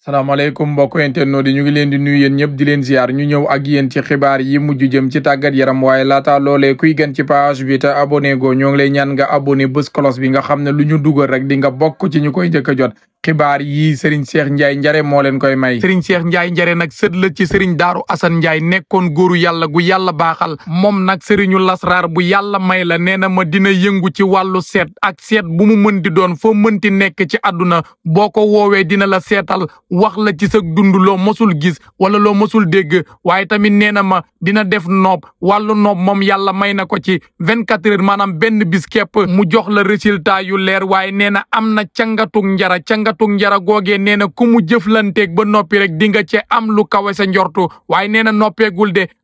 salaamaaleykum mbokk internet di ñu ngi leen di nuyu yéen ñëpp di leen ziar ñu ñëw ak yéen ci xibaar yi mujj jëm ci tàggat yaram waaye laata loolee kuy gën ci page bi te abonné go ñoo ngi lay ñaan nga abone bés cloche bi nga xam ne lu ñu dugal rek di nga bokk ci ñu koy jëkk a jot xibaar yi Serigne Cheikh Ndiaye Njare moo leen koy may Serigne Cheikh Ndiaye Njare nag sët la ci Serigne Daaru Assane Ndiaye nekkoon góoru yàlla gu yàlla baaxal moom nag Serigne Lasraar bu yàlla may la nee na ma dina yëngu ci wàllu seet ak seet bu mu mën di doon foo mënti nekk ci àdduna boo ko woowee dina la seetal wax la ci sa dund loo mosul gis wala loo mosul dégg waaye tamit nee na ma dina def noob wàllu noob moom yàlla may na ko ci vingt-quatre heures maanaam benn bis képp mu jox la résultat yu leer waaye nee na am na cangatug njara canga tàggatuk njara googee nee na ku mu jëflanteeg ba noppi rek di nga ci am lu kawe sa njortu waaye nee na noppeegul de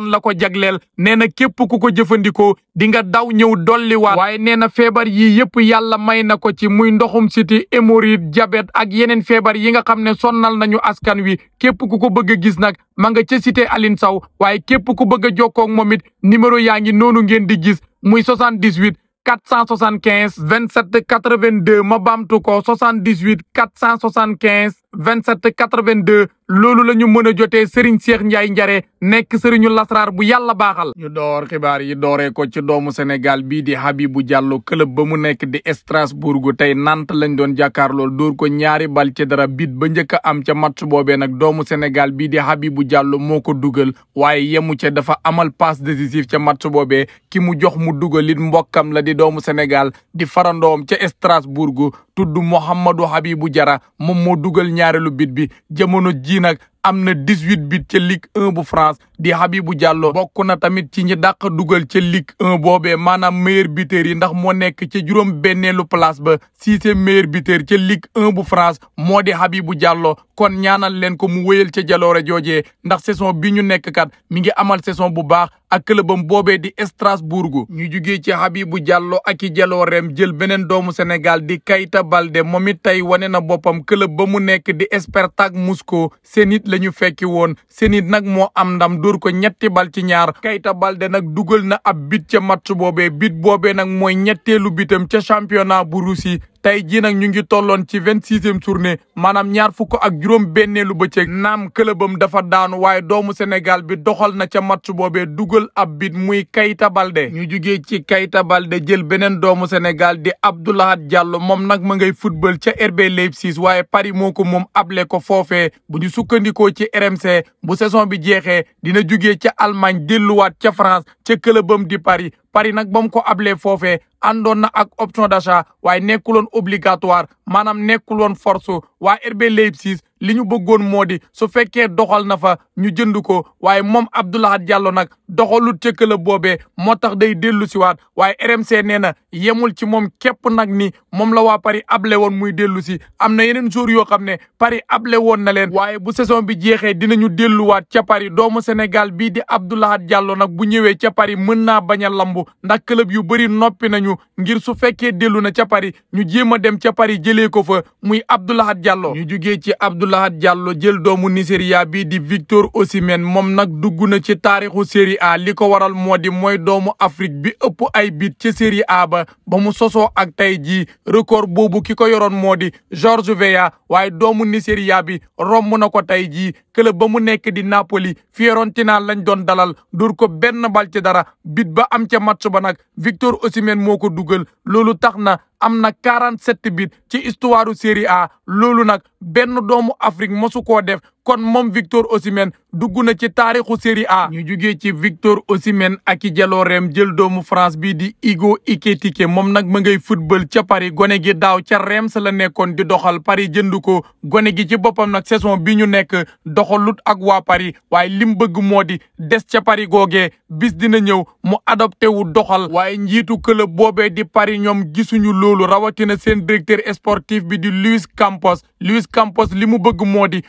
tan la ko jagleel nee na képp ku ko jëfandikoo di nga daw ñëw dolliwaat waaye nee na feebar yi yëpp yàlla may na ko ci muy ndoxum siti hémorroïde diabète ak yeneen feebar yi nga xam ne sonnal nañu askan wi képp ku ko bëgg a gis nag ma nga ca cité Aline saw waaye képp ku bëgg a jokkoo ak moom it numéro yaa ngi noonu ngeen di gis muy 78 475 27 82 ma baamtu ko 78 475 27 82 loolu la ñu mën a jotee Serigne Cheikh Ndiaye Njare nekk sëriñu Lasrar bu yàlla baaxal. ñu door xibaar yi dooree ko ci doomu Sénégal bii di Habibou Diallo club ba mu nekk di Strasbourg tey Nantes lañ doon jàkkaarloo dóor ko ñaari bal ci dara bit ba njëkk a am ca match boobee nag doomu Sénégal bii di Habibou Diallo moo ko dugal waaye yemu ca dafa amal passe décisive ca match boobee ki mu jox mu dugal it mbokkam la di doomu senegal di farandoom ca Strasbourg tudd Mouhamadou Habibou jara moom moo dugal ñaareelu bit bi jamono ji рынок am na dix-huit buts ca Ligue 1 bu France di Habibou Diallo bokk na tamit ci ñi dàq dugal ci Ligue 1 boobee maanaam meilleur buteur yi ndax moo nekk ca juróom benneelu place ba sixième meilleur buteur ci Ligue 1 bu France moo di Habibou Diallo kon ñaanal leen ko mu wéyal ca jaloore joojee ndax saison bi ñu nekk kat mi ngi amal saison bu baax ak clubam boobee di Strasbourg ñu jugee ci Habibou Diallo ak i jaloorem jël beneen doomu Sénégal di Keita balde moom it tey wane na boppam club ba mu nekk di Spartak Moscou seen it la ñu fekki woon Sénit nag moo am ndam dóor ko ñetti bal ci ñaar Keita Baldé nag dugal na ab bit ca match boobee bit boobee nag mooy ñetteelu bitam ca championnat bu Russie tey jii nag ñu ngi tolloon ci vingt sixième journée maanaam ñaar fukk ak juróom benneelu bëccëg naam këlëbam dafa daanu waaye doomu Sénégal bi doxal na ca match boobee dugal ab bit muy Keita Baldé ñu jugee ci Keita Baldé jël beneen doomu Sénégal di Abdou Lahad Diallo moom nag ma ngay football ca RB Leipzig waaye Paris moo ko moom able ko foofee bu ñu sukkandikoo ci RMC bu saison bi jeexee dina jugee ca almaañ delluwaat ca France ca këlëbam di Paris Paris nag ba mu ko ablee foofee àndoon na ak option d'achat waaye nekkuloon obligatoire maanaam nekkuloon force waa RB Leipzig li ñu bëggoon moo di su fekkee doxal na fa ñu jënd ko waaye moom Abdou Lahad Diallo nag doxalu ca club boobee moo tax day dellu siwaat waaye RMC nee na yemul ci moom képp nag ni moom la waa pari able woon muy dellu si am na yeneen jour yoo xam ne pari able woon na leen waaye bu saison bi jeexee dinañu delluwaat ca pari doomu Sénégal bii di Abdou Lahad Diallo nag bu ñëwee ca Paris mën naa bañ a lambu ndax club yu bëri noppi nañu ngir su fekkee dellu na ca Paris ñu jéem a dem ca Paris jëlee ko fa muy Abdou Lahad Diallo Diallo ñu jugee ci Abdou Lahad Diallo jël doomu Nigeria bi di Victor Osimhen moom nag dugg na ci taarixu Serie A li ko waral moo di mooy doomu Afrique bi ëpp ay bit ci Serie A ba ba mu soso ak tey jii record boobu ki ko yoroon moo di George Weah waaye doomu Nigeria bi romb na ko tey jii club ba mu nekk di Napoli Fiorentina lañ doon dalal dur ko benn bal ci dara bit ba am ca match ba nag Victor Osimhen moo ko dugal loolu tax na am na quarante sept but ci histoire Serie A loolu nag benn doomu Afrique mosu koo def kon moom Victor Osimhen dugg na ci taarixu Série A. ñu jugee ci Victor Osimhen ak i reem jël doomu France bi di Hugo Ekitike moom nag ma ngay football ca Paris gone gi daaw ca reem sa la nekkoon di doxal Paris jënd ko gone gi ci boppam nag saison bi ñu nekk doxalut ak waa Paris waaye lim bëgg moo di des ca Paris googee bis dina ñëw mu adopté wu doxal. waaye njiitu club boobee di Paris ñoom gisuñu loolu rawatina seen directeur sportif bi di Luis Campos Luis Campos li mu bëgg moo di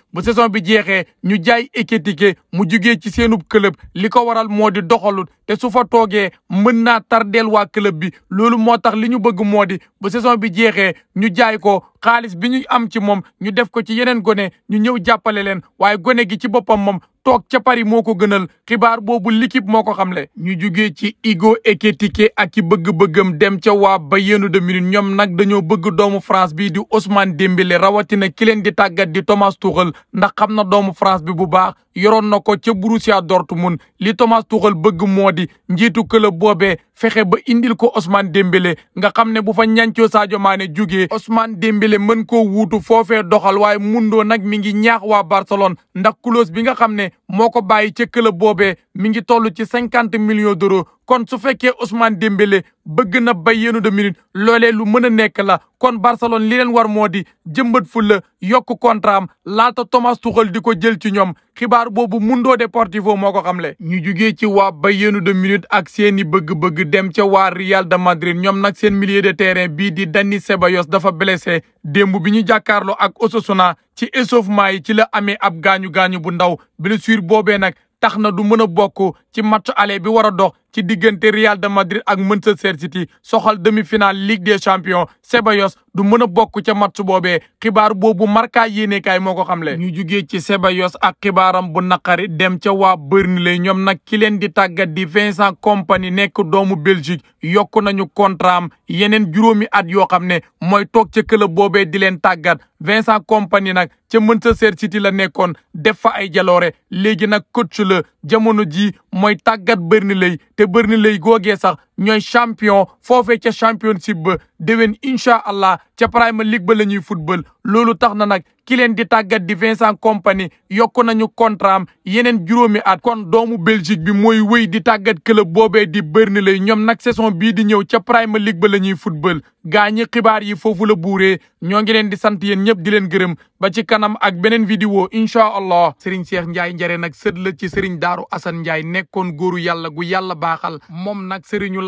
bi jeexee ñu jaay Ekitike mu jugee ci seenub club li ko waral moo di doxalut te su fa toogee mën naa tardeel waa club bi loolu moo tax li ñu bëgg moo di bu saison bi jeexee ñu jaay ko xaalis bi ñu am ci moom ñu def ko ci yeneen gone ñu ñëw jàppale leen waaye gone gi ci boppam moom toog ca Paris moo ko gënal xibaar boobu l'équipe moo ko xamle ñu jugee ci Hugo Ekitike ak ci bëgg-bëggam dem ca waa Bayern de Munich ñoom nag dañoo bëgg doomu France bi di Ousmane Dembélé rawatina ki di tàggat di Thomas Tuchel ndax xam na doomu France bi bu baax yoroon na ko ca Borussia Dortmund li Thomas Tuchel bëgg moo di njiitu club boobee fexe ba indil ko osman Dembélé nga xam ne bu fa ñancoo Sadio Mané jugee Ousmane Dembélé mën ko wuutu foofee doxal waaye mundoo nag mi ngi ñaax waa Barcelone ndax clause bi nga xam ne moo ko bàyyi ca club boobee mi ngi toll ci cinquante millions d'euros kon su fekkee Ousmane Dembélé bëgg na bay yéenu de minute loolee lu mën a nekk la kon Barcelone li leen war moo di jëmbat fulla yokk contrat am laata Thomas Tuchel di ko jël ci ñoom xibaar boobu Mundo Deportivo moo ko xamle. ñu jugee ci waa bay yéenu de minute ak seeni bëgg-bëgg dem ca waar Real de Madrid ñoom nag seen milieu de terrain bii di Dani Ceballos dafa blessé démb bi ñu jàkkaarloo ak Osasuna ci échauffement yi ci la amee ab gaañu gaañu bu ndaw blessure boobee nag tax na du mën a bokk ci match aller bi war a dox ci diggante Real de Madrid ak Manchester City soxal demi-finale Ligue des Champions Ceballos du mën a bokk ca match boobee xibaar boobu Marca yéenekaay moo ko xamle. ñu jugee ci Ceballos ak xibaaram bu naqari dem ca waa Burnley ñoom nag ki leen di tàggat di Vincent Kompany nekk doomu Belgique yokk nañu contrat yeneen juróomi at yoo xam ne mooy toog ca club boobee di leen tàggat Vincent Kompany nag ca Manchester City la nekkoon def fa ay jaloore léegi nag coach la jamono ji mooy tàggat Burnley te Burnley googee sax ñooy champion foofee ca championship ba déwén incha allah ca Premier League ba la ñuy football loolu tax na nag ki leen di tàggat di Vincent Kompany yokku nañu contrat am yeneen juróomi at kon doomu Belgique bi mooy wéy di tàggat club boobee di Burnley ñoom nag saison bii di ñëw ca Premier League ba la ñuy football gaa ñi xibaar yi foofu la buuree ñoo ngi leen di sant yéen ñëpp di leen gërëm ba ci kanam ak beneen vidéo incha allah Serigne Cheikh Ndiaye njare nag sët la ci Serigne Darou Assane Ndiaye nekkoon góoru yàlla gu yàlla baaxal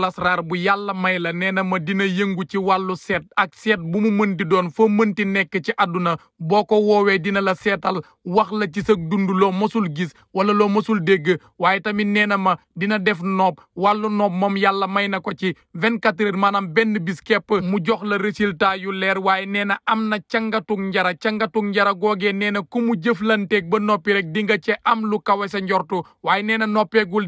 lasraar bu yàlla may la nee na ma dina yëngu ci wàllu seet ak seet bu mu mën di doon foo mënti nekk ci àdduna boo ko woowee dina la seetal wax la ci sa dund loo mosul gis wala loo mosul dégg waaye tamit nee na ma dina def noob wàllu noob moom yàlla may na ko ci vingt-quatre heures maanaam benn bis képp mu jox la résultat yu leer waaye nee na am na cangatug njara cangatug njara googee nee na ku mu jëflanteeg ba noppi rek di nga ci am lu kawe sa njortu waaye nee noppeegul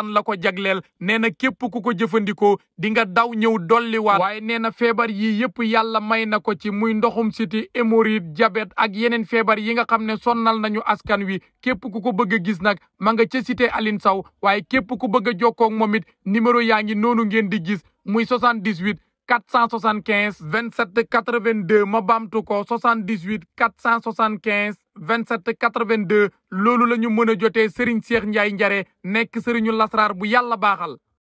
kattan la ko jagleel nee na képp ku ko jëfandikoo di nga daw ñëw dolliwaat waaye nee na feebar yi yëpp yàlla may na ko ci muy ndoxum siti hémorroïde diabète ak yeneen feebar yi nga xam ne sonnal nañu askan wi képp ku ko bëgg a gis nag ma nga ca cité Aline Sow waaye képp ku bëgg a jokkoo ak moom it numéro yaa ngi noonu ngeen di gis muy 78 475 27 82 ma baamtu ko 78 475 27 82 loolu la ñu mën a jotee Serigne Cheikh Ndiaye Njare nekk Serigne Lasrar bu yàlla baaxal.